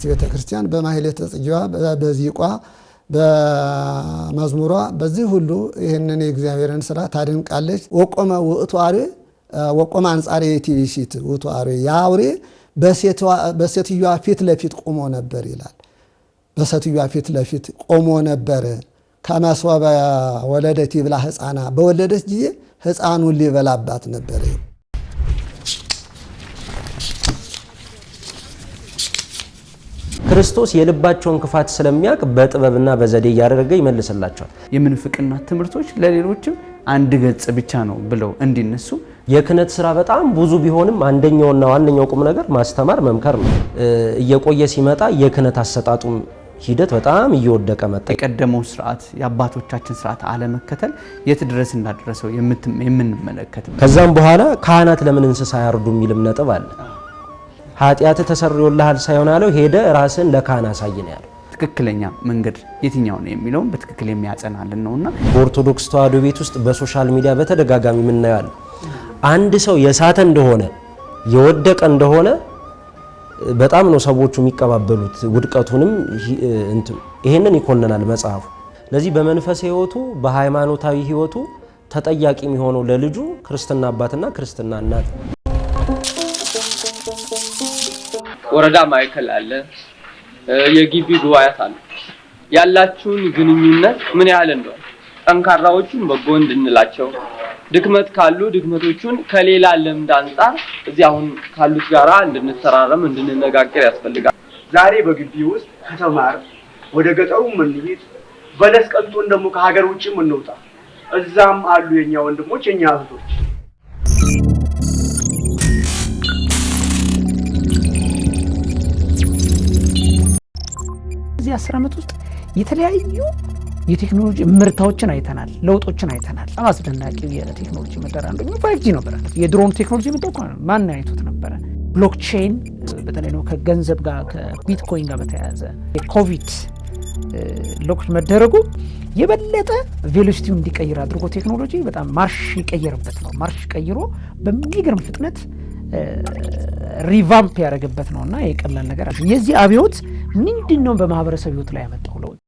ቅድስት ቤተ ክርስቲያን በማሕሌተ ጽጌዋ፣ በዚቋ፣ በመዝሙሯ በዚህ ሁሉ ይህንን የእግዚአብሔርን ስራ ታደንቃለች። ወቆመ ውእቱ አሬ ወቆመ አንጻሬ የቲቪሲት ውእቱ አሬ ያ አውሬ በሴትዮዋ ፊት ለፊት ቆሞ ነበር ይላል። በሴትዮዋ ፊት ለፊት ቆሞ ነበር። ከመስወበ ወለደት ይብላ ህፃና በወለደች ጊዜ ህፃኑን ሊበላባት ነበር። ክርስቶስ የልባቸውን ክፋት ስለሚያውቅ በጥበብና በዘዴ እያደረገ ይመልስላቸዋል። የምንፍቅና ትምህርቶች ለሌሎችም አንድ ገጽ ብቻ ነው ብለው እንዲነሱ የክህነት ስራ በጣም ብዙ ቢሆንም አንደኛውና ዋነኛው ቁም ነገር ማስተማር መምከር ነው። እየቆየ ሲመጣ የክህነት አሰጣጡም ሂደት በጣም እየወደቀ መጣ። የቀደመው ስርዓት የአባቶቻችን ስርዓት አለመከተል የት ድረስ እንዳደረሰው የምንመለከት። ከዛም በኋላ ካህናት ለምን እንስሳ ያርዱ የሚልም ነጥብ አለ። ኃጢአት ተሰርዮልሃል ሳይሆን አለው ሄደ ራስን ለካህን አሳይ ነው ያለው። ትክክለኛ መንገድ የትኛው ነው የሚለውን በትክክል የሚያጸናልን ነውና በኦርቶዶክስ ተዋሕዶ ቤት ውስጥ በሶሻል ሚዲያ በተደጋጋሚ የምናየዋለን። አንድ ሰው የሳተ እንደሆነ የወደቀ እንደሆነ በጣም ነው ሰዎቹ የሚቀባበሉት። ውድቀቱንም እንትን ይሄንን ይኮንናል መጽሐፉ። ለዚህ በመንፈስ ህይወቱ በሃይማኖታዊ ህይወቱ ተጠያቂ የሚሆነው ለልጁ ክርስትና አባትና ክርስትና እናት ወረዳ ማዕከል አለ፣ የግቢ ጉባኤያት አለ። ያላችሁን ግንኙነት ምን ያህል እንደሆነ ጠንካራዎቹን በጎ እንድንላቸው ድክመት ካሉ ድክመቶቹን ከሌላ ልምድ አንጻር እዚህ አሁን ካሉት ጋራ እንድንተራረም እንድንነጋገር ያስፈልጋል። ዛሬ በግቢ ውስጥ ከተማር ወደ ገጠሩ የምንሄድ በለስ ደግሞ ከሀገር ውጭ የምንወጣ እዛም አሉ የኛ ወንድሞች የኛ እህቶች በዚህ አስር ዓመት ውስጥ የተለያዩ የቴክኖሎጂ ምርታዎችን አይተናል፣ ለውጦችን አይተናል። በጣም አስደናቂው የቴክኖሎጂ መደር አንዱ ፋይቭ ጂ ነበረ። የድሮን ቴክኖሎጂ መጣው ማን አይቶት ነበረ? ብሎክቼን በተለይ ነው ከገንዘብ ጋር ከቢትኮይን ጋር በተያያዘ የኮቪድ ሎክ መደረጉ የበለጠ ቬሎሲቲውን እንዲቀይር አድርጎ ቴክኖሎጂ በጣም ማርሽ ይቀይርበት ነው። ማርሽ ቀይሮ በሚገርም ፍጥነት ሪቫምፕ ያደረግበት ነው እና የቀላል ነገር የዚህ አብዮት ምንድን ነው በማህበረሰብ ህይወት ላይ ያመጣው ለውጥ?